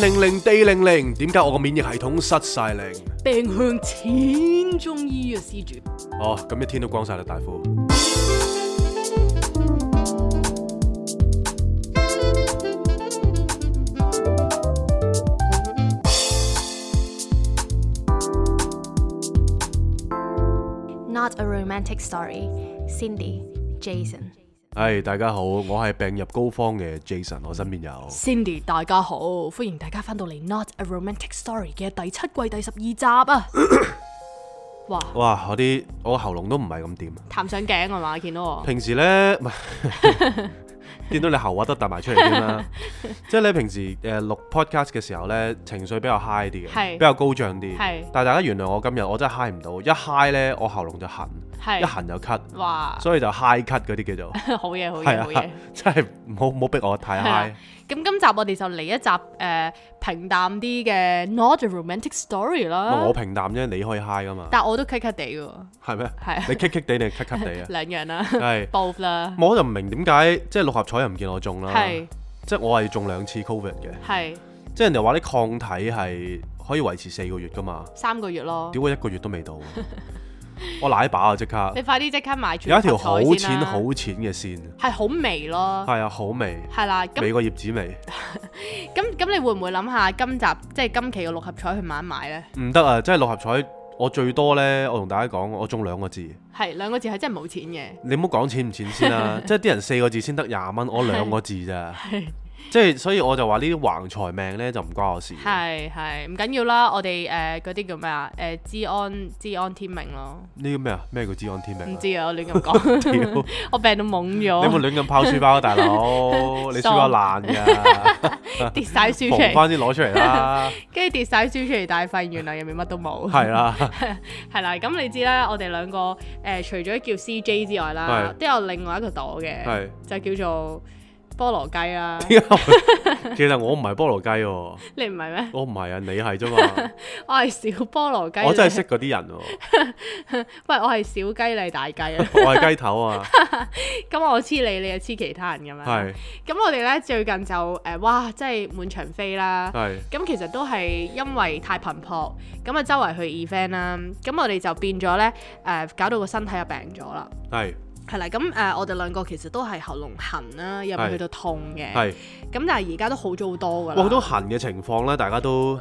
天靈靈地靈靈，點解我個免疫系統失晒靈？病向淺中醫啊，施主。哦，咁一天都光晒啦，大夫。Not a romantic story. Cindy, Jason. 係、哎、大家好，我係病入膏肓嘅 Jason，我身邊有 Cindy，大家好，歡迎大家翻到嚟 Not a Romantic Story 嘅第七季第十二集啊！哇 哇，哇我啲我喉嚨都唔係咁掂，啊。彈上頸係嘛？見到我平時咧，唔係見到你喉骨都凸埋出嚟添啦，即係你平時誒錄 podcast 嘅時候咧，情緒比較 high 啲嘅，係是比較高漲啲，係是但係大家原諒我今日我真係嗨唔到，一嗨 i 咧我喉嚨就痕。係一行就咳，所以就嗨咳嗰啲叫做好嘢，好嘢，好嘢，真係唔好唔好逼我太嗨。i 咁今集我哋就嚟一集誒平淡啲嘅 not a romantic story 啦。我平淡啫，你可以嗨 i 噶嘛。但係我都咳咳地喎。係咩？係啊。你咳咳地定咳咳地啊？兩樣啦。係 both 啦。我就唔明點解即係六合彩又唔見我中啦。係。即係我係中兩次 covid 嘅。係。即係人哋話啲抗體係可以維持四個月㗎嘛。三個月咯。屌，我一個月都未到。我奶把啊！即刻，你快啲即刻買！有一條好淺好淺嘅線，係好微咯。係啊，好微。係啦，啊，比個葉子微。咁咁， 你會唔會諗下今集即係、就是、今期嘅六合彩去買一買咧？唔得啊！即、就、係、是、六合彩，我最多咧，我同大家講，我中兩個字。係兩個字係真係冇錢嘅。你唔好講錢唔錢先啦，啊， 即係啲人四個字先得廿蚊，我兩個字咋？即係所以我就話呢啲橫財命咧就唔關我事。係，係唔緊要啦，我哋誒嗰啲叫咩啊？誒、呃，治安治安天命咯。呢個咩啊？咩叫治安天命？唔知啊，我亂咁講。 掉 我病到懵咗。你冇亂咁拋書包啊，大佬！傻你書包爛噶、啊，跌晒 書出嚟。捧翻先攞出嚟 啦。跟住跌晒書出嚟，但係發現原來入面乜都冇。係啦，係啦。咁你知啦，我哋兩個誒，除咗叫 CJ 之外啦的，都有另外一個朵嘅，的的就叫做。菠蘿雞啊？ 其實我唔係菠蘿雞、啊， 你唔係咩？我唔係啊，你係啫嘛，我係小菠蘿雞，我真係識嗰啲人，喂，我係小雞你大雞啊，我係雞頭啊，咁我黐你，你又黐其他人咁樣，係是，咁我哋咧最近就誒，哇，即係滿場飛啦，係是，咁其實都係因為太頻撲，咁啊周圍去 event 啦，咁我哋就變咗咧，誒、呃，搞到個身體又病咗啦，係。係啦，咁誒，我哋兩個其實都係喉嚨痕啦，入去到痛嘅。係的。咁但係而家都好咗好多噶啦。好多痕嘅情況咧，大家都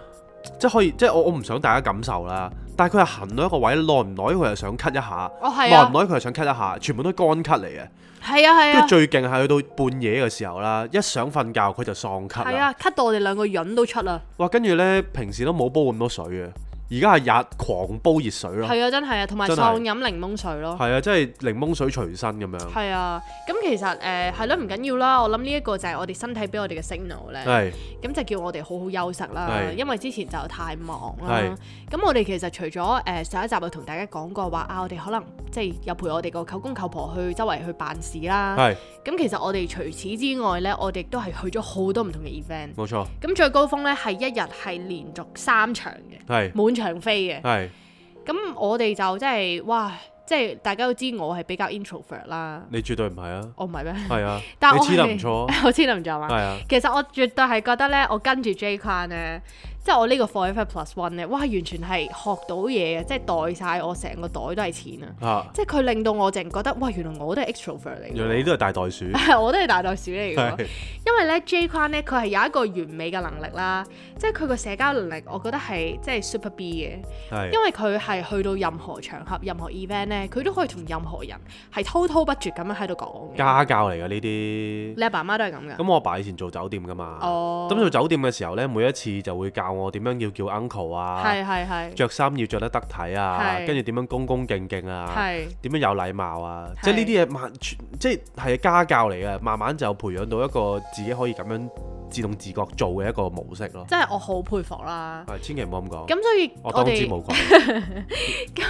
即係可以，即係我我唔想大家感受啦。但係佢係痕到一個位耐唔耐，佢就想咳一下；耐唔耐，佢就想咳一下，全部都乾咳嚟嘅。係啊係啊。跟住最勁係去到半夜嘅時候啦，一想瞓覺佢就喪咳。係啊，咳到我哋兩個引都出啦。哇！跟住咧，平時都冇煲咁多水嘅。而家係日狂煲熱水咯，係啊，真係啊，同埋常飲檸檬水咯，係啊，即係檸檬水隨身咁樣。係啊，咁其實誒係咯，唔緊要啦。我諗呢一個就係我哋身體俾我哋嘅 signal 咧，係，咁就叫我哋好好休息啦。係，因為之前就太忙啦。係，咁我哋其實除咗誒上一集又同大家講過話啊，我哋可能即係有陪我哋個舅公舅婆去周圍去辦事啦。係，咁其實我哋除此之外咧，我哋都係去咗好多唔同嘅 event。冇錯。咁最高峰咧係一日係連續三場嘅。係。長飛嘅。係，咁我哋就真係，哇！即係大家都知我係比較 introvert 啦。你絕對唔係啊，我唔係咩？係啊，但係我， 我知得唔錯，我知得唔錯啊。係啊，其實我絕對係覺得咧，我跟住 J Kuan 咧。即係我呢個 four plus one 咧，哇！完全係學到嘢，即係袋晒我成個袋都係錢啊！即係佢令到我凈覺得，哇！原來我都係 extrovert 嚟。原來你都係大袋鼠。 我都係大袋鼠嚟。嘅是。」因為咧，J 框咧，佢係有一個完美嘅能力啦。即係佢個社交能力，我覺得係即係 super B 嘅。是因為佢係去到任何場合、任何 event 咧，佢都可以同任何人係滔滔不絕咁樣喺度講。家教嚟嘅呢啲。你阿爸媽都係咁㗎。咁我爸以前做酒店㗎嘛。哦。咁做酒店嘅時候咧，每一次就會教。我點樣要叫，叫 uncle 啊？係係係。着衫要着得得體啊，跟住點樣恭恭敬敬啊？係係。點樣有禮貌啊？係即係呢啲嘢，慢係即係家教嚟嘅，慢慢就培養到一個自己可以咁樣。自動自覺做嘅一個模式咯，即係我好佩服啦。係，千祈唔好咁講。咁所以我哋咁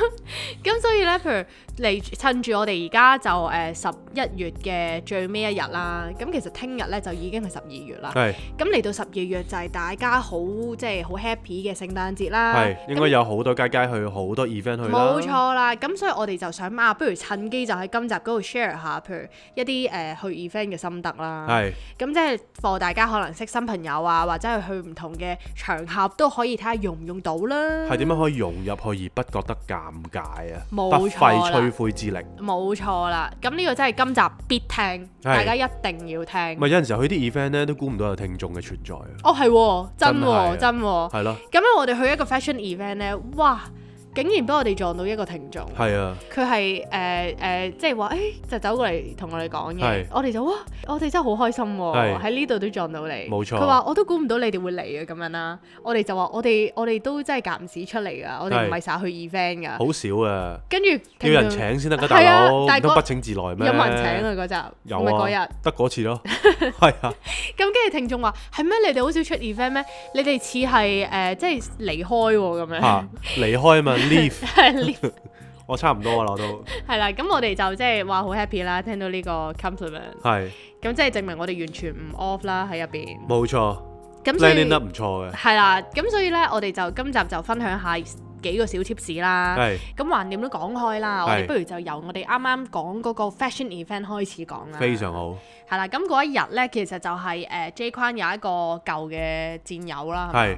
咁所以咧，譬如嚟趁住我哋而家就誒十一月嘅最尾一日啦，咁其實聽日咧就已經係十二月啦。係是。咁嚟到十二月就係大家好即係好 happy 嘅聖誕節啦。係是。那應該有好多街街去好多 event 去啦。冇錯啦。咁所以我哋就想啊，不如趁機就喺今集嗰度 share 下，譬如一啲誒去 event 嘅心得啦。係是。咁即係教大家可能認識新朋友啊，或者係去唔同嘅場合都可以睇下用唔用到啦。係點樣可以融入去而不覺得尷尬啊？冇費吹灰之力。冇錯啦，咁呢個真係今集必聽，是大家一定要聽。咪有陣時候去啲 event 咧，都估唔到有聽眾嘅存在。哦，係真真。係咯，咁樣我哋去一個 fashion event 咧，哇！竟然俾我哋撞到一個聽眾，係啊！佢係誒誒，即係話誒，就走過嚟同我哋講嘢。我哋就哇，我哋真係好開心喎！喺呢度都撞到你，冇錯。佢話我都估唔到你哋會嚟啊，咁樣啦。我哋就話我哋我哋都真係暫時出嚟噶，我哋唔係成日去 event 噶，好少啊。跟住要人請先得㗎，大佬唔通不請自來咩？冇人請啊！嗰集唔係嗰日，得嗰次咯，係啊。咁跟住聽眾話：係咩？你哋好少出 event 咩？你哋似係誒，即係離開喎咁樣。離開嘛～Leave，我差唔多啦，我都係啦。咁我哋就即係話好 happy 啦，聽到呢個 compliment。係咁，即係證明我哋完全唔 off 啦喺入邊。冇錯，咁訓練得唔錯嘅。係啦，咁所以咧，我哋就今集就分享下幾個小 tips 啦。係咁，橫掂都講開啦。我哋不如就由我哋啱啱講嗰個 fashion event 開始講啦。非常好。係啦，咁嗰一日咧，其實就係誒 Jquen 有一個舊嘅戰友啦。係。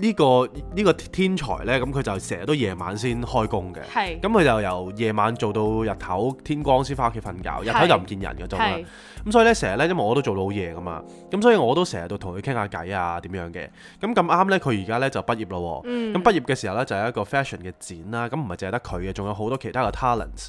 呢個呢個天才呢，咁佢就成日都夜晚先開工嘅。咁佢就由夜晚做到日頭天光先翻屋企瞓覺，日頭就唔見人嘅。咁所以呢，成日呢，因為我都做老夜噶嘛，咁所以我都成日都同佢傾下偈啊，點樣嘅。咁咁啱呢，佢而家呢就畢業啦喎。咁畢業嘅時候呢，就係一個 fashion 嘅展啦。咁唔係淨係得佢嘅，仲有好多其他嘅 talents。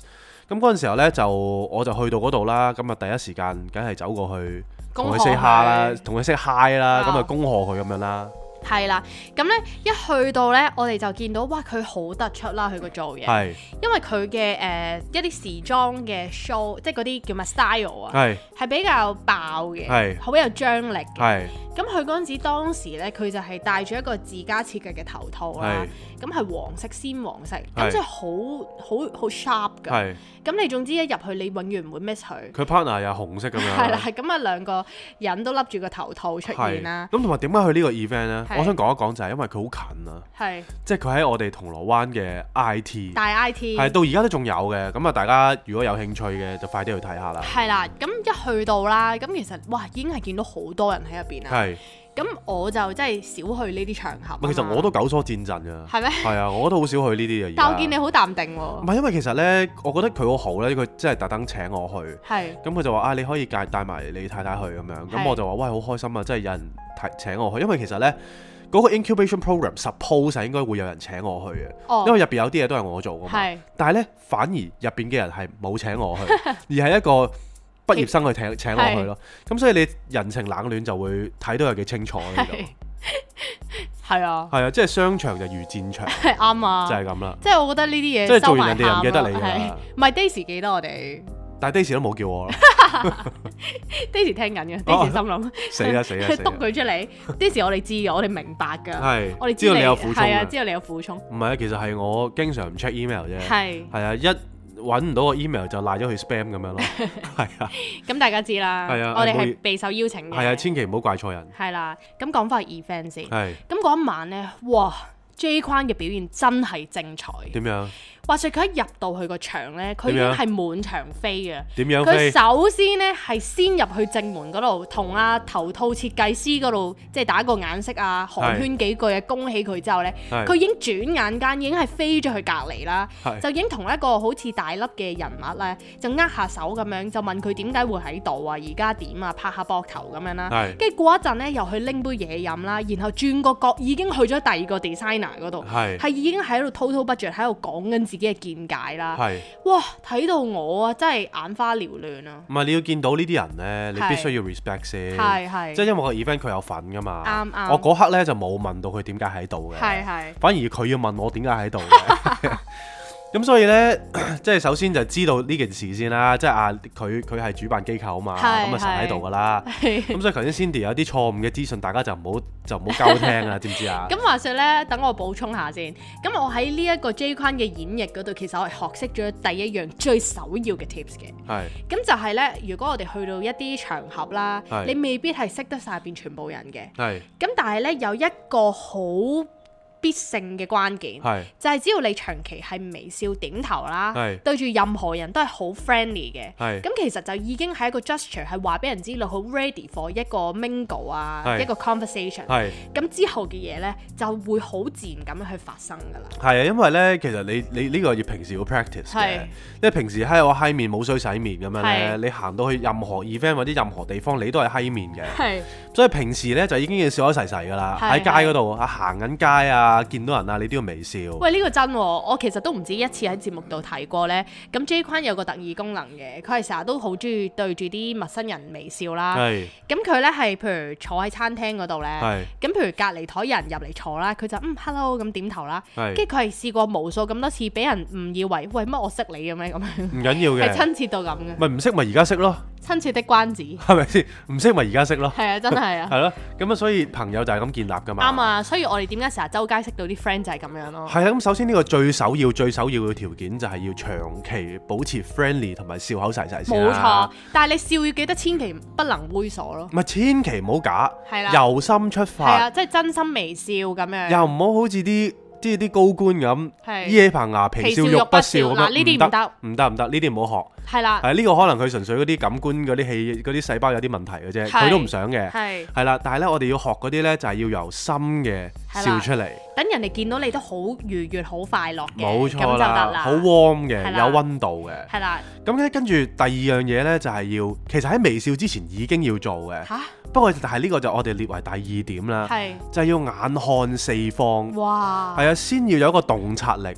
咁嗰陣時候呢，就我就去到嗰度啦。咁啊，第一時間梗係走過去同佢 say hi 啦，同佢 say hi 啦。咁啊，恭賀佢咁樣啦。係啦，咁、嗯、咧一去到咧，我哋就見到哇，佢好突出啦，佢個造型，是因為佢嘅誒一啲時裝嘅 show，即係嗰啲叫乜 style 啊，係係是比較爆嘅，係好是有張力嘅。咁佢嗰陣時當時咧，佢就係戴住一個自家設計嘅頭套啦，咁係是、嗯、黃色鮮黃色，咁是即係好好好 sharp 㗎。咁你總之一入去，你永遠唔會 miss 佢。佢 partner 又紅色咁樣。係啦，咁啊兩個人都笠住個頭套出現啦。咁同埋點解去個、e、呢個 event 咧？的我想講一講就係因為佢好近啊。係的。即係佢喺我哋銅鑼灣嘅 IT。大 IT。係到而家都仲有嘅，咁啊大家如果有興趣嘅就快啲去睇下啦。係啦，咁一去到啦，咁其實哇已經係見到好多人喺入邊啦。係。咁我就真係少去呢啲場合。其實我都久疏戰陣啊，係咩嗎？係啊，我都好少去呢啲啊。但我見你好淡定喎、啊。唔係，因為其實呢，我覺得佢好好呢。佢真係特登請我去。係是。咁佢、嗯、就話啊，你可以介帶埋你太太去咁樣。係是。咁、嗯、我就話喂，好開心啊！真係有人提請我去，因為其實呢，嗰、那個 incubation program suppose 係應該會有人請我去嘅。哦、因為入邊有啲嘢都係我做㗎嘛。是但係呢，反而入邊嘅人係冇請我去， 而係一個。畢業生去請請落去咯，咁所以你人情冷暖就會睇到有幾清楚呢度。係啊，係啊，即係商場就如戰場，係啱啊，就係咁啦。即係我覺得呢啲嘢，即係做完人哋又唔記得你，係唔係？Daisy 記得我哋，但係 Daisy 都冇叫我啦。Daisy 聽緊嘅，Daisy 心諗死啦死啦，去篤佢出嚟。Daisy 我哋知嘅，我哋明白噶，係我哋知道你有苦衷。係啊，知道你有苦衷。唔係啊，其實係我經常唔 check email 啫，係係啊一。揾唔到個 email 就賴咗佢 spam 咁樣咯，係啊。咁大家知啦，的我哋係備受邀請嘅，係啊，千祈唔好怪錯人。係啦，咁講翻 event 先的，係。咁嗰一晚咧，哇，J Kwan 嘅表現真係精彩。點樣？話説佢一入到去個場咧，佢已經係滿場飛嘅。點樣？佢首先咧係先入去正門嗰度，同阿、啊、頭套設計師嗰度即係打個眼色啊，寒暄幾句啊，恭喜佢之後咧，佢是已經轉眼間已經係飛咗去隔離啦，是就已經同一個好似大粒嘅人物咧，就握下手咁樣，就問佢點解會喺度啊？而家點啊？拍下膊頭咁樣啦、啊。跟住過一陣咧，又去拎杯嘢飲啦，然後轉個角已經去咗第二個 designer 嗰度。係是。已經喺度滔滔不絕喺度講緊自己嘅見解啦，哇是，睇到我啊，真係眼花繚亂啊！唔係，你要見到呢啲人咧，你必須要 respect 先，即係因為我 event 佢有份噶嘛，嗯嗯、我嗰刻咧就冇問到佢點解喺度嘅，反而佢要問我點解喺度嘅。 咁所以呢，即係首先就知道呢件事先啦，即係啊，佢佢係主辦機構啊嘛，咁啊成日喺度噶啦，咁是所以頭先 Cindy 有啲錯誤嘅資訊，大家就唔好就唔好交聽啦， 知唔知啊？咁話説呢，等我補充下先。咁我喺呢一個 J 昆嘅演繹嗰度，其實我係學識咗第一樣最首要嘅 tips 嘅。係是。咁就係呢，如果我哋去到一啲場合啦，是你未必係識得晒入邊全部人嘅。係是。咁是但係呢，有一個好必勝嘅關鍵，就係只要你長期係微笑點頭啦，對住任何人都係好 friendly 嘅，咁其實就已經係一個 gesture，係話俾人知你好 ready for 一個 mingle 啊，一個 conversation，咁之後嘅嘢呢，就會好自然咁樣去發生噶啦。係啊，因為呢，其實你你呢個要平時要 practice 嘅，因為平時嗨我嗨面冇水洗面咁樣咧，你行到去任何 event 或者任何地方，你都係嗨面嘅，所以平時呢，就已經要笑口噬噬噶啦，喺街嗰度啊行緊街啊。啊！見到人啊，你都要微笑。喂，呢個真，我其實都唔止一次喺節目度睇過咧。咁 J Kwan 有個特異功能嘅，佢係成日都好中意對住啲陌生人微笑啦。咁佢咧係譬如坐喺餐廳嗰度咧，咁是譬如隔離台有人入嚟坐啦，佢就嗯 hello 咁點頭啦。係是，跟住佢係試過無數咁多次俾人誤以為喂，乜我識你嘅咩，咁樣。唔緊要嘅， 係親切到咁嘅。咪唔識咪而家識咯。親切的關子係咪先唔識咪而家識咯，係啊，真係啊，係咯，咁啊，所以朋友就係咁建立㗎嘛，啱、嗯、啊，所以我哋點解成日周街識到啲 friend 就係咁樣咯，係啊，咁首先呢個最首要、最首要嘅條件就係要長期保持 friendly 同埋笑口曬曬先、啊，冇錯，但係你笑要記得千祈不能猥瑣咯，唔係千祈唔好假，係啦、啊，由心出發，係啊，即、就、係、是、真心微笑咁樣，又唔好好似啲。即係啲高官咁，依起棚牙皮笑肉不笑咁樣，唔得唔得唔得，呢啲唔好學。係啦，係呢個可能佢純粹嗰啲感官嗰啲氣啲細胞有啲問題嘅啫，佢都唔想嘅。係係啦，但係咧，我哋要學嗰啲咧，就係要由心嘅笑出嚟，等人哋見到你都好愉悅、好快樂嘅，冇錯啦，好 warm 嘅，有溫度嘅。係啦，咁咧跟住第二樣嘢咧，就係要其實喺微笑之前已經要做嘅吓。不過，但係呢個就我哋列為第二點啦，就係要眼看四方，係啊，先要有一個洞察力，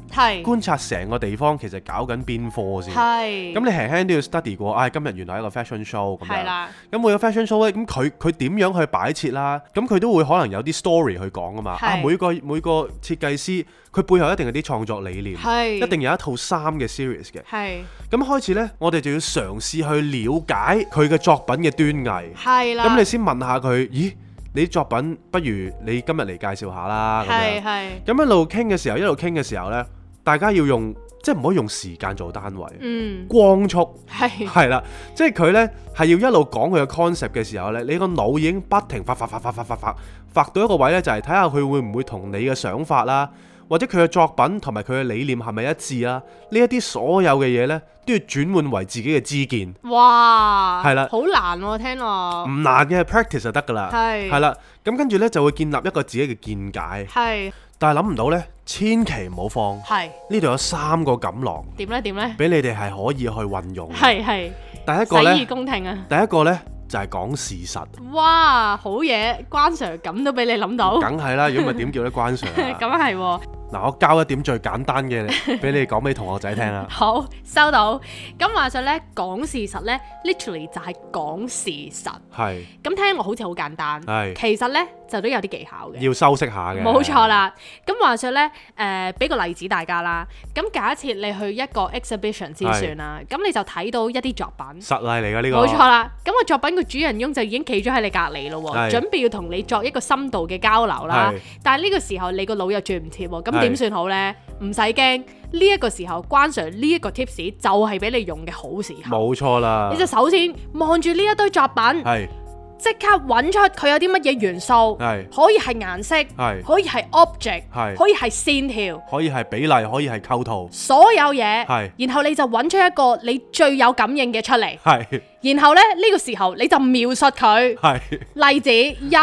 觀察成個地方其實搞緊邊科先。咁你輕輕都要 study 過，唉，今日原來係一個 fashion show 咁樣。咁每個 fashion show 咧，咁佢佢點樣去擺設啦？咁佢都會可能有啲 story 去講啊嘛。啊，每個每個設計師，佢背後一定有啲創作理念，一定有一套衫嘅 series 嘅。咁開始咧，我哋就要嘗試去了解佢嘅作品嘅端倪。咁你先。問下佢，咦？你作品不如你今日嚟介紹下啦。係係。咁一路傾嘅時候，一路傾嘅時候咧，大家要用即係唔可以用時間做單位。嗯。光速係係啦，即係佢呢係要一路講佢嘅 concept 嘅時候咧，你個腦已經不停發發發發發發發，發到一個位呢就係睇下佢會唔會同你嘅想法啦。或者佢嘅作品同埋佢嘅理念係咪一致啊？呢一啲所有嘅嘢咧，都要轉換為自己嘅知見。哇！係啦，好難喎，聽落。唔難嘅，practice 就得噶啦。係。係啦，咁跟住咧就會建立一個自己嘅見解。係。但係諗唔到咧，千祈唔好放。係。呢度有三個錦囊。點咧？點咧？俾你哋係可以去運用。係係。第一個咧，洗耳恭聽啊。第一個咧就係講事實。哇！好嘢，關 Sir 咁都俾你諗到。梗係啦，如果唔係點叫得關 Sir 啊？咁係喎。嗱，我教一點最簡單嘅俾你講俾同學仔聽啦。好，收到。咁話說咧，講事實咧，literally 就係講事實。係。咁聽我好似好簡單。係。其實咧就都有啲技巧嘅。要修飾下嘅。冇錯啦。咁話說咧，誒，俾個例子大家啦。咁假設你去一個 exhibition 先算啦，咁你就睇到一啲作品。實例嚟噶呢個。冇錯啦。咁個作品個主人翁就已經企咗喺你隔籬咯，準備要同你作一個深度嘅交流啦。係。但係呢個時候你個腦又轉唔切喎，咁。點算好呢？唔使驚，呢一個時候，關 sir 呢一個 tips 就係俾你用嘅好時候。冇錯啦，你就首先望住呢一堆作品，係即刻揾出佢有啲乜嘢元素，係可以係顏色，係可以係 object，係可以係線條，可以係比例，可以係構圖，所有嘢，係然後你就揾出一個你最有感應嘅出嚟，係然後咧呢個時候你就描述佢，係例子一。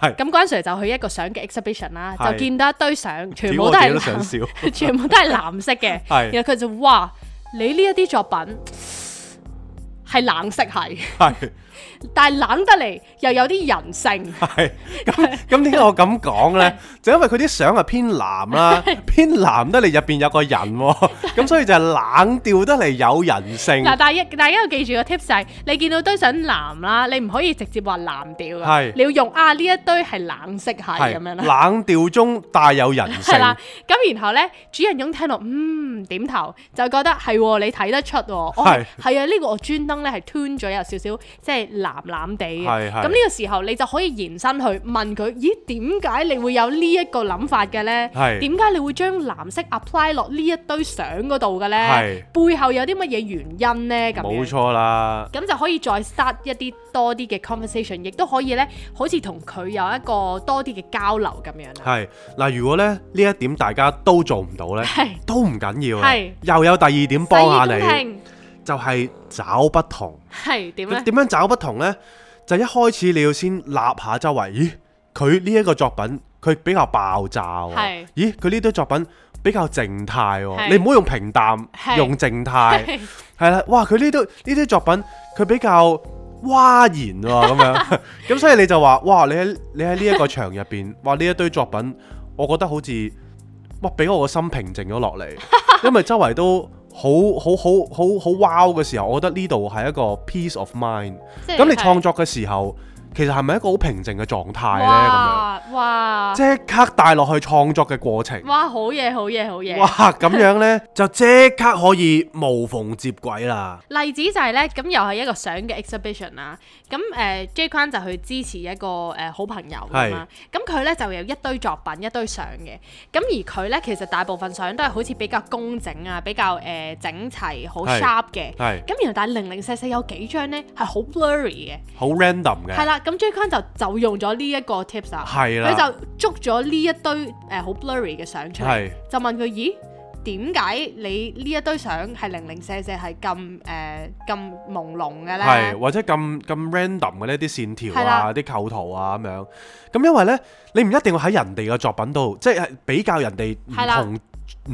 咁、 嗯、關 Sir 就去一個相嘅 exhibition 啦，是就見到一堆相，全部都係全部都係藍色嘅。 是然後佢就哇，你呢一啲作品係冷色系。但係冷得嚟又有啲人性，係咁，咁點解我咁講咧？就 因為佢啲相係偏藍啦， 偏藍得嚟入邊有個人，咁所以就係冷調得嚟有人性。嗱，但係但係大家要記住個 tips，你見到堆上藍啦，你唔可以直接話藍調噶，係你要用啊呢一堆係冷色系咁樣啦。冷調中帶有人性，係啦。咁然後咧，主人翁聽到嗯點頭，就覺得係、哦、你睇得出、哦，係係啊呢個我專登咧係 tune 咗有少少即係。就是藍藍地嘅，咁呢個時候你就可以延伸去問佢，咦？點解你會有呢一個諗法嘅咧？係，點解你會將藍色 apply 落呢一堆相嗰度嘅咧？係，背後有啲乜嘢原因咧？咁樣冇錯啦，咁就可以再 start 一啲多啲嘅 conversation，亦都可以咧，好似同佢有一個多啲嘅交流咁樣。係，嗱，如果咧呢一點大家都做唔到咧，係，都唔緊要啊，係，又有第二點幫下你。就係找不同，係點樣？點樣找不同呢？就一開始你要先立下周圍，咦？佢呢一個作品，佢比較爆炸，係是。咦？佢呢堆作品比較靜態，是你唔好用平淡，是用靜態，係啦是。哇！佢呢堆呢堆作品，佢比較嘩然啊，咁樣。咁 所以你就話，哇！你喺你喺呢一個牆入邊， 哇！呢一堆作品，我覺得好似哇，俾我個心平靜咗落嚟，因為周圍都。好好好好好 wow 嘅時候，我覺得呢度係一個 peace of mind。咁是你創作嘅時候。其實係咪一個好平靜嘅狀態咧？咁樣哇！即刻帶落去創作嘅過程。哇！好嘢，好嘢，好嘢！哇！咁樣咧就即刻可以無縫接軌啦。例子就係咧，咁又係一個相嘅 exhibition 啦。咁誒，Jianquan 就去支持一個誒好朋友咁啊。咁佢咧就有一堆作品、一堆相嘅。咁而佢咧其實大部分相都係好似比較工整啊，比較誒整齊、好 sharp 嘅。係。咁然後，但係零零細細有幾張咧係好 blurry 嘅，好 random 嘅。係啦。咁 J·K 就就用咗呢一個 tips 啊，佢啦就捉咗呢一堆誒好、呃、blurry 嘅相出嚟，是就問佢：咦，點解你呢一堆相係零零舍舍係咁誒咁朦朧嘅咧？係或者咁咁 random 嘅呢啲線條啊、啲啦構圖啊咁樣。咁因為咧，你唔一定要喺人哋嘅作品度，即、就、係、是、比較人哋唔同唔啦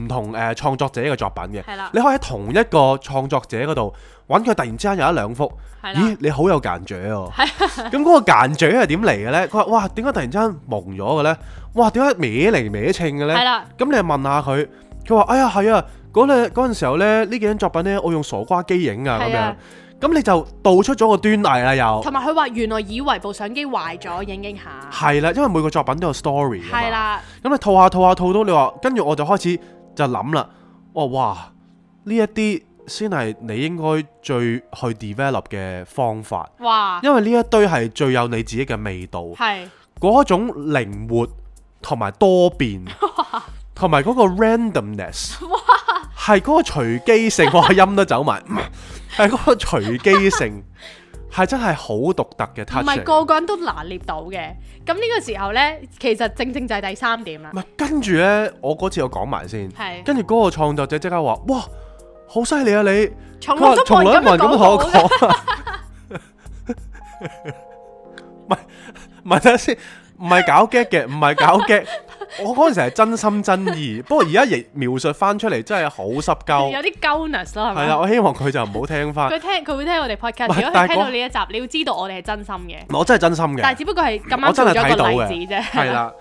同誒、呃、創作者嘅作品嘅。係啦，你可以喺同一個創作者嗰度。揾佢突然之間有一兩幅，咦你好有間鑊喎！咁嗰個間鑊係點嚟嘅呢？佢話：哇，點解突然之間蒙咗嘅呢？哇，點解歪嚟歪稱嘅呢？係啦。咁你又問下佢，佢話：哎呀，係啊，嗰咧嗰陣時候呢，呢幾張作品呢，我用傻瓜機影啊咁樣。咁你就導出咗個端倪啦，又。同埋佢話：原來以為部相機壞咗，影影下。係啦，因為每個作品都有 story。係啦。咁你套下套下套到，你話跟住我就開始就諗啦。我話：哇，呢一啲。先係你應該最去 develop 嘅方法，哇因為呢一堆係最有你自己嘅味道，係嗰是種靈活同埋多變，同埋嗰個 randomness，係嗰哇個隨機性，我 音都走埋，係、嗯、嗰個隨機性係 真係好獨特嘅，唔係個個人都拿捏到嘅。咁呢個時候呢，其實正正，正就係第三點啦。跟住呢，我嗰次我講埋先，是跟住嗰個創作者即刻話，哇！好犀利啊！你從來都冇人咁同我講啊，唔係，唔係等下先，唔係搞 gag 嘅，唔係搞 gag。 我嗰陣時係真心真意，不過而家亦描述翻出嚟真係好濕鳩，有啲勾 ness 咯，係嘛？係啦，我希望佢就唔好聽翻。佢聽，佢會聽我哋 podcast，如果佢聽到呢一集，你要知道我哋係真心嘅。我真係真心嘅。但係只不過係咁啱睇咗個例子啫。係啦。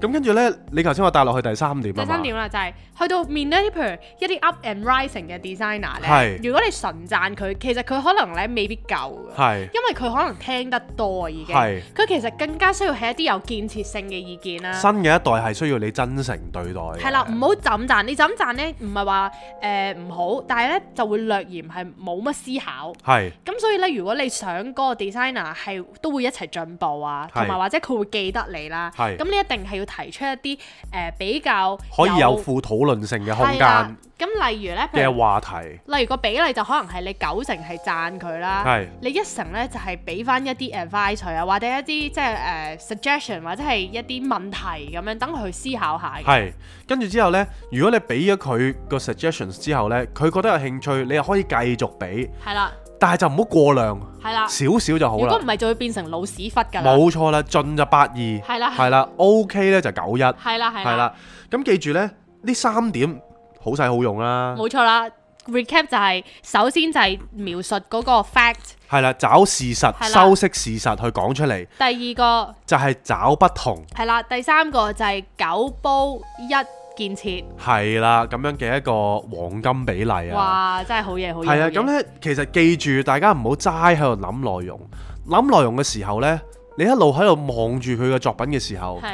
咁跟住咧，你頭先話帶落去第三點啊嘛？第三點啦，就係去到面對譬如一啲 up and rising 嘅 designer 呢，如果你純讚佢，其實佢可能咧未必夠嘅，因為佢可能聽得多已經。佢其實更加需要係一啲有建設性嘅意見啦。新嘅一代係。需要你真誠對待。係啦，唔好就咁讚，你就咁讚咧，唔係話誒唔好，但係咧就會略嫌係冇乜思考。係。咁所以咧，如果你想個 designer 係都會一齊進步啊，同埋或者佢會記得你啦。係。咁你一定係要提出一啲誒比較可以有富討論性嘅空間。係，咁例如咧嘅話題。例如個比例就可能係你九成係讚佢啦，係。你一成咧就係俾翻一啲 advice 佢啊，或者一啲即係誒 suggestion，或者係一啲問題咁樣等佢。去思考下，係，跟住之後呢，如果你俾咗佢個 suggestions 之後呢，佢覺得有興趣，你又可以繼續俾，係啦，但係就唔好過量，啦少少就好，如果唔係，就會變成老屎忽噶啦。冇錯啦，進就八二，係啦，係啦，OK 呢就九一，係啦係啦，咁啦記住呢，呢三點好使好用啦，冇錯啦。Recap 就係首先就係描述嗰個 fact 係啦，找事實，修飾的事實去講出嚟。第二個就係找不同係啦。第三個就係九煲一建設係啦，咁樣嘅一個黃金比例啊！哇，真係的好嘢野，好嘢。係啊！咁咧，其實記住大家唔好齋喺度諗內容，諗內容嘅時候咧，你一路喺度望住佢嘅作品嘅時候，的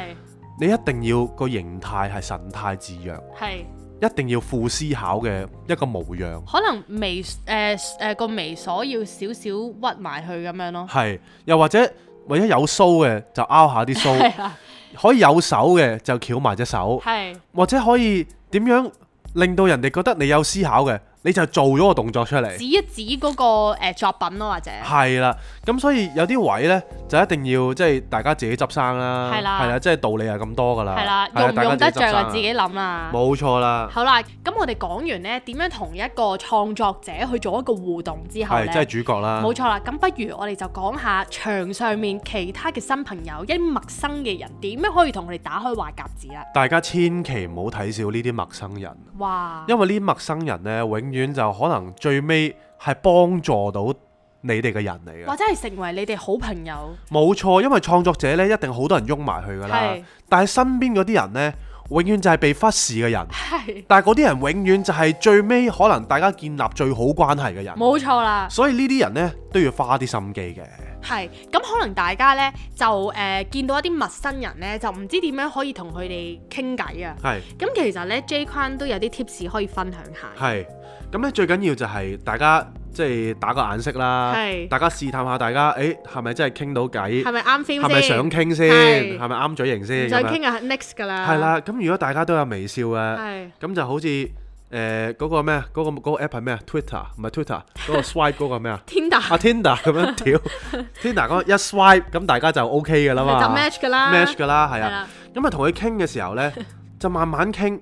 你一定要個形態係神態自若、啊。的一定要負思考嘅一個模樣，可能眉誒誒個眉鎖要少少屈埋去咁樣咯。係，又或者或者有鬚嘅就拗下啲鬚， 可以有手嘅就翹埋隻手， 或者可以點樣令到人哋覺得你有思考嘅。你就做咗個動作出嚟，指一指嗰個誒作品咯，或者係啦。咁所以有啲位咧，就一定要即係大家自己執生啦。係啦，係啦，即係道理係咁多㗎啦。係啦，用唔用得著啊？自己諗啦。冇錯啦。好啦，咁我哋講完咧，點樣同一個創作者去做一個互動之後咧，即係主角啦。冇錯啦。咁不如我哋就講下場上面其他嘅新朋友，一啲陌生嘅人點樣可以同佢哋打開話匣子啦？大家千祈唔好睇小呢啲陌生人。哇！因為呢啲陌生人咧，永永遠就可能最尾係幫助到你哋嘅人嚟嘅，或者係成為你哋好朋友。冇錯，因為創作者呢，一定好多人擁埋去㗎啦。是但係身邊嗰啲人呢，永遠就係被忽視嘅人。是但係嗰啲人永遠就係最尾可能大家建立最好關係嘅人。冇錯啦，所以呢啲人呢，都要花啲心機嘅。係，咁可能大家咧就誒、呃、見到一啲陌生人咧，就唔知點樣可以同佢哋傾偈啊。係是，咁其實咧 Jay 坤都有啲 tips 可以分享下。係，咁咧最緊要就係大家即係打個眼色啦。係是，大家試探下大家，誒係咪真係傾到偈？係咪啱 feel 先？係咪想傾先？係咪啱嘴型先？再傾下 next 噶啦。係啦，咁如果大家都有微笑啊，係的，咁就好似。誒嗰、呃那個咩、那個那個、 啊？嗰個 app 係咩 Twitter 唔係 Twitter，嗰個 swipe 嗰個咩啊？Tinder Tinder 咁樣屌 Tinder 一 swipe 咁大家就 OK 嘅啦嘛，match 噶啦，match 噶啦，係啊。咁啊同佢傾嘅時候咧，就慢慢傾，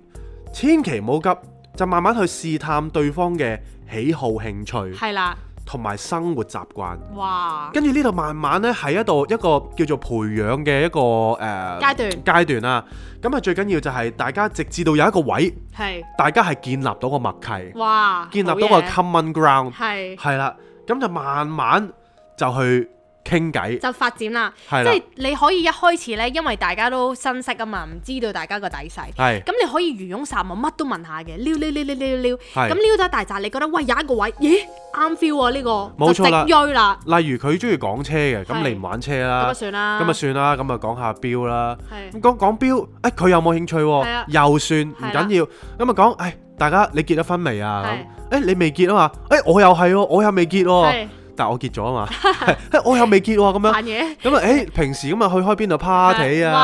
千祈唔好急，就慢慢去試探對方嘅喜好、興趣，係啦的，同埋生活習慣。哇！跟住呢度慢慢咧喺一度一個叫做培養嘅一個誒、呃、階段階段啦、啊。咁啊，最緊要就係大家直至到有一個位，係大家係建立到個默契，哇建立到個 common ground，係啦，咁係就慢慢就去傾偈就發展啦，即係你可以一開始咧，因為大家都新識啊嘛，唔知道大家個底細，咁你可以漁翁撒網乜都問下嘅，撩撩撩撩撩撩，咁撩咗一大扎，你覺得喂有一個位，咦啱 feel 喎呢個，冇錯啦，例如佢中意講車嘅，咁你唔玩車啦，咁啊算啦，咁啊算啦，咁啊講下錶啦，咁講講錶，誒佢有冇興趣喎，又算唔緊要，咁啊講，誒大家你結咗婚未啊？咁，誒你未結啊嘛？誒我又係，我又未結。但係我結咗啊嘛，我又未結喎咁樣。扮嘢咁啊！誒，平時咁啊，去開邊度 party 啊？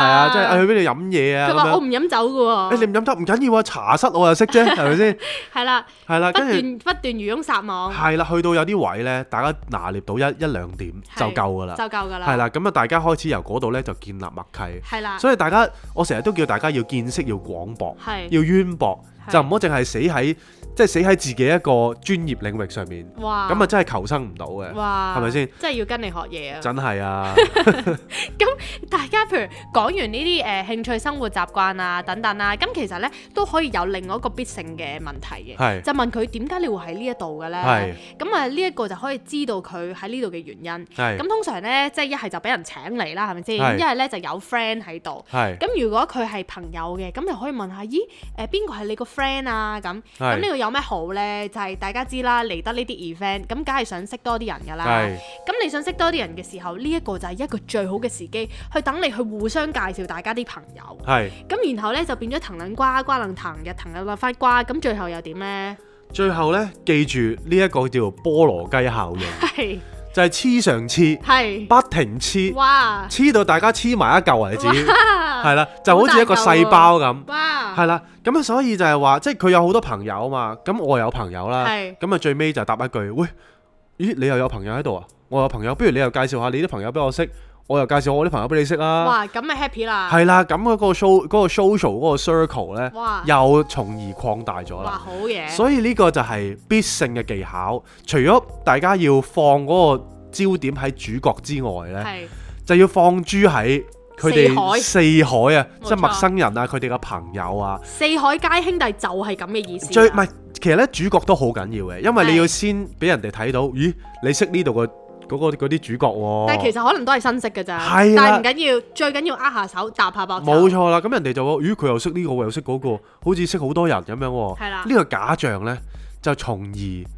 係啊，即係去邊度飲嘢啊？佢話我唔飲酒㗎喎。誒，你唔飲酒唔緊要啊，茶室我又識啫，係咪先？係啦，係啦，跟住不斷不斷漁翁撒網。係啦，去到有啲位咧，大家拿捏到一一兩點就夠㗎啦，就夠㗎啦。係啦，咁啊，大家開始由嗰度咧就建立默契。係啦，所以大家我成日都叫大家要見識要廣博，要淵博。就唔好淨係死喺即係死喺自己一個專業領域上面，咁啊真係求生唔到嘅，係咪先？真係要跟你學嘢啊！真係啊！咁大家譬如講完呢啲誒興趣生活習慣啊等等啦，咁其實咧都可以有另外一個必勝嘅問題嘅，就問佢點解你會喺呢一度嘅咧？咁啊呢一個就可以知道佢喺呢度嘅原因。咁通常咧即係一係就俾人請嚟啦，係咪先？一係咧就有 friend 喺度。咁如果佢係朋友嘅，咁又可以問下：咦誒邊個係你個 friend？friend 啊，咁咁呢個有咩好咧？就係大家知啦，嚟得呢啲 event，咁梗係想識多啲人噶啦。咁你想識多啲人嘅時候，呢一個就係一個最好嘅時機，去等你去互相介紹大家啲朋友。係咁，然後咧就變咗藤擰瓜，瓜擰藤，日擰日擰翻瓜，咁最後又點咧？最後咧，記住呢一個叫菠蘿雞效應，係就係黐上黐，係不停黐，哇黐到大家黐埋一嚿為止，係啦，就好似一個細胞咁。係啦，咁啊，所以就係話，即係佢有好多朋友啊嘛，咁我又有朋友啦，咁啊是，最尾就答一句，喂，咦，你又有朋友喺度啊？我有朋友，不如你又介紹下你啲朋友俾我識，我又介紹我啲朋友俾你識啦。哇，咁咪 happy 啦。係啦，咁嗰個 so 嗰個 social 嗰個 circle 呢，哇，又從而擴大咗啦。哇，好嘢。所以呢個就係必勝嘅技巧，除咗大家要放嗰個焦點喺主角之外呢，是就要放豬喺。佢哋四,四海啊，即係陌生人啊，佢哋嘅朋友啊，四海皆兄弟就係咁嘅意思、啊。最唔係，其實咧主角都好緊要嘅，因為你要先俾人哋睇到，的咦，你識呢度嘅嗰個嗰啲主角喎、啊？但係其實可能都係新識嘅咋，的但係唔緊要，最緊要握下手搭下膊。冇錯啦，咁、嗯、人哋就話咦佢又識呢、這個又識嗰、那個，好似識好多人咁樣喎、啊。係啦的，呢個假象咧就從而。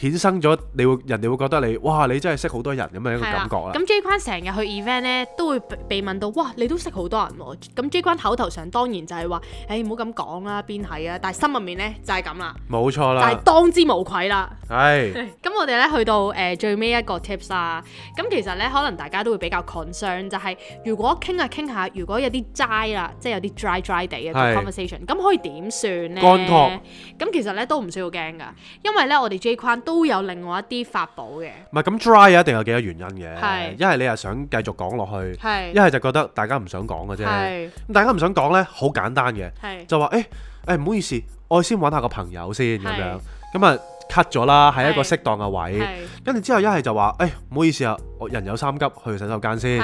衍生咗，你會人哋會覺得你，哇！你真係識好多人咁嘅、啊、一個感覺啦。咁 J 君成日去 event 咧，都會被問到，哇！你都識好多人喎。咁 J 君口頭上當然就係話，誒唔好咁講啦，邊係啊？但係心入面咧就係咁啦。冇錯啦。但係當之無愧啦。係是。咁 我哋咧去到誒、呃、最尾一個 tips 啦、啊。咁其實咧可能大家都會比較 concern，就係如果傾下傾下，如果有啲齋啦，即係有啲 dry dry d 嘅是 conversation，咁可以點算咧？乾涸坤。咁其實咧都唔需要驚噶，因為咧我哋 J 君，都有另外一啲法寶嘅，唔係咁 dry 一定有幾個原因嘅。一係是你又想繼續講落去，一係是就覺得大家唔想講嘅啫。咁是大家唔想講咧，好簡單嘅，是就話誒誒唔好意思，我先揾下個朋友先咁是樣，咁啊。cut 咗啦，喺一個適當嘅位，跟住之後一係就話，誒唔好意思啊，我人有三急，去洗手間先。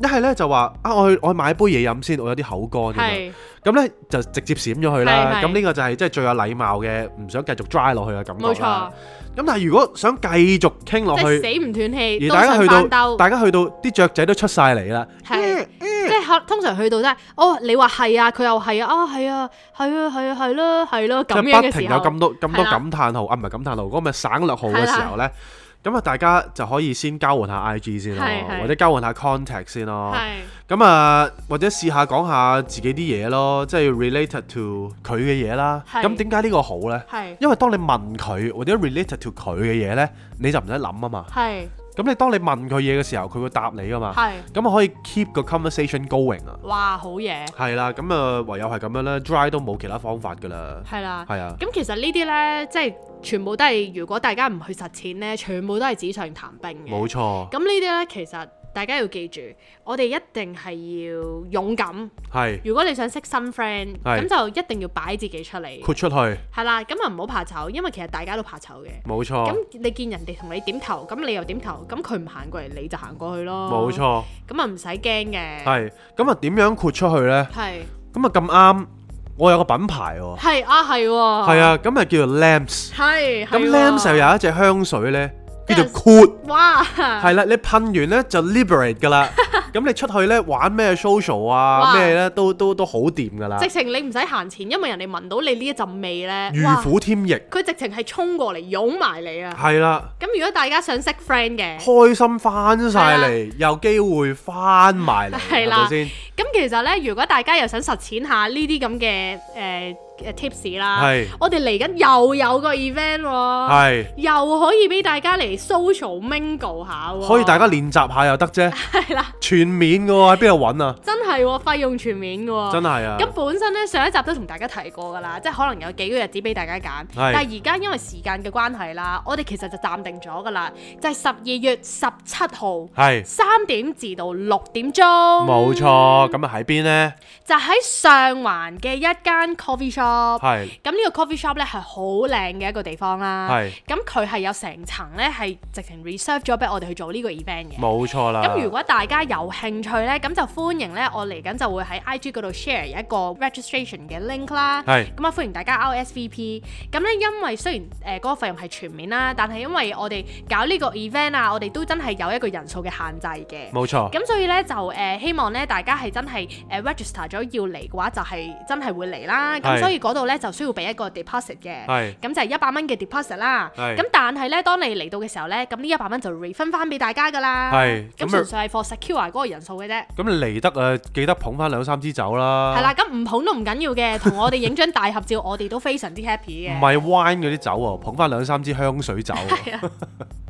一係咧就話，啊我去我去買杯嘢飲先，我有啲口乾。咁咧就直接閃咗佢啦。咁呢個就係即係最有禮貌嘅，唔想繼續 dry 落去嘅感覺啦。咁但係如果想繼續傾落去，死唔斷氣，而大家去到大家去到啲雀仔都出曬嚟啦。通常去到都係，哦，你話係啊，佢又係啊，啊，係啊，係啊，係啊，係咯、啊，係咯、啊，咁、啊啊、即係不停有咁多咁多感嘆號是的 啊，唔係感嘆號，嗰個咪省略號嘅時候咧，咁啊，大家就可以先交換下 IG 先咯，是的 或者交換下 contact 先咯，咁是的 啊，或者試下講下自己啲嘢咯，即係 related to 佢嘅嘢啦。咁點解呢個好咧？是的 因為當你問佢或者 related to 佢嘅嘢咧，你就唔使諗啊嘛。咁你當你問佢嘢嘅時候，佢會答你噶嘛？係是。咁可以 keep 個 conversation going 啊。哇，好嘢。係啦，咁啊、呃、唯有係咁樣啦。dry 都冇其他方法噶啦。係啦的。係啊的。咁其實呢啲咧，即係全部都係如果大家唔去實踐咧，全部都係紙上談兵嘅。冇錯。咁呢啲咧，其實。大家要記住，我哋一定係要勇敢。係，如果你想識新 friend，咁就一定要擺自己出嚟，豁出去。係啦，咁啊唔好怕醜，因為其實大家都怕醜嘅。冇錯。咁你見人哋同你點頭，咁你又點頭，咁佢唔行過嚟，你就行過去咯。冇錯。咁啊唔使驚嘅。係。咁啊點樣豁出去呢？係。咁啊咁啱，我有個品牌喎。係啊，係。係啊，咁啊叫做 Lamps。係。咁 Lamps 又有一隻香水呢。叫做 quote，哇，係啦，你噴完咧就 liberate 噶啦，咁你出去咧玩咩 social 啊咩咧都都都好掂噶啦，直情你唔使行前，因為人哋聞到你呢一陣味咧，如虎添翼，佢直情係衝過嚟擁埋你啊，係啦，咁如果大家想識 friend 嘅，開心翻晒嚟，有機會翻埋嚟，係啦，先，咁其實咧，如果大家又想實踐下呢啲咁嘅誒。tips 啦，是我哋嚟緊又有個 event 喎、哦，是又可以俾大家嚟 social mingle 下喎、哦，可以大家練習下又得啫，的全面嘅喎，喺邊度揾啊？ 係喎、哦，費用全免嘅、哦、喎，真係啊！咁本身咧，上一集都同大家提過噶啦，即係可能有幾個日子俾大家揀。是但係而家因為時間嘅關係啦，我哋其實就暫定咗噶啦，就係十二月十七號，係三是點至到六點鐘。冇錯，咁啊喺邊呢？就喺上環嘅一間 coffee shop。係是。咁呢個 coffee shop 咧係好靚嘅一個地方啦。係是。咁佢係有成層咧係直情 reserve 咗俾我哋去做呢個 event 嘅。冇錯啦。咁如果大家有興趣咧，咁就歡迎咧。我嚟緊就會喺 IG 嗰度 share 一個 registration 嘅 link 啦，咁啊是、嗯、歡迎大家 RSVP、嗯。咁、嗯、咧因為雖然誒嗰、呃那個費用係全免啦，但係因為我哋搞呢個 event 啊，我哋都真係有一個人數嘅限制嘅。冇錯。咁所以咧就誒、呃、希望咧大家係真係誒、呃、register 咗要嚟嘅話，就係、是、真係會嚟啦。咁、嗯、是所以嗰度咧就需要俾一個 deposit 嘅，咁是就係一百蚊嘅 deposit 啦。咁是、嗯、但係咧當你嚟到嘅時候咧，咁呢一百蚊就 refund 翻俾大家㗎喇。係是。咁純粹係 for secure 嗰個人數嘅啫。咁嚟得啊！呃記得捧翻兩三支酒啦， 係啦，咁唔捧都唔緊要嘅，同我哋影張大合照，我哋都非常之 happy 嘅。唔係 wine 嗰啲酒喎，捧翻兩三支香水酒 的。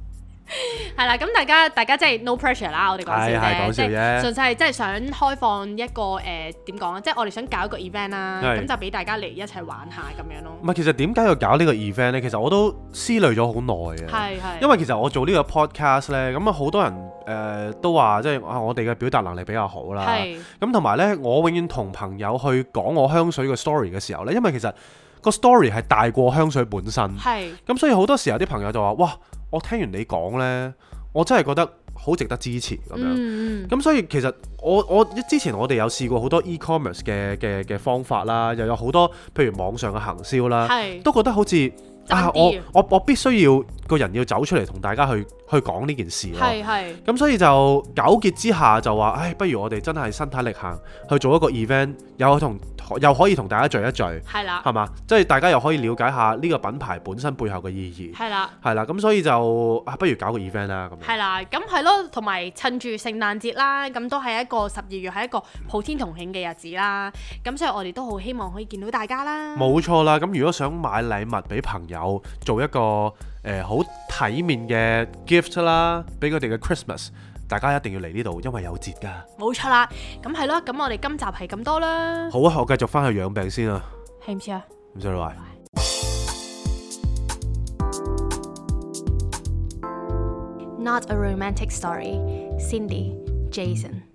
係啦，咁 大家大家即係 no pressure 啦，我哋講先啫，純、哎、粹係即係想開放一個誒點講啊，即係我哋想搞一個 event 啦、啊，咁是就俾大家嚟一齊玩一下咁樣咯。唔係，其實點解要搞個呢個 event 咧？其實我都思慮咗好耐嘅，是是因為其實我做個呢個 podcast 咧，咁啊好多人誒、呃、都話即係我哋嘅表達能力比較好啦，咁同埋咧，我永遠同朋友去講我香水嘅 story 嘅時候咧，因為其實個 story 係大過香水本身，咁是所以好多時候啲朋友就話哇。我聽完你講呢，我真係覺得好值得支持咁樣。咁、嗯、所以其實我我之前我哋有試過好多 e-commerce 嘅嘅方法啦，又有好多譬如網上嘅行銷啦，是都覺得好似，但點、啊、我我，我必須要個人要走出嚟同大家去去講呢件事。係。咁所以就糾結之下就話，唉，不如我哋真係身體力行去做一個 event，有同。又可以同大家聚一聚，係啦，係嘛，即係大家又可以了解下呢個品牌本身背後嘅意義，係啦，係啦，咁所以就、啊、不如搞個 event 啦，咁樣。係啦，咁係咯，同埋趁住聖誕節啦，咁都係一個十二月係一個普天同慶嘅日子啦，咁所以我哋都好希望可以見到大家啦。冇錯啦，咁如果想買禮物俾朋友，做一個誒好、呃、體面嘅 gift 啦，俾佢哋嘅 Christmas。大家一定要嚟呢度，因為有節噶。冇錯啦，咁係咯，咁我哋今集係咁多啦。好啊，我繼續翻去養病先啊。係唔似啊？唔使啦，Bye。Not a romantic story. Cindy, Jason.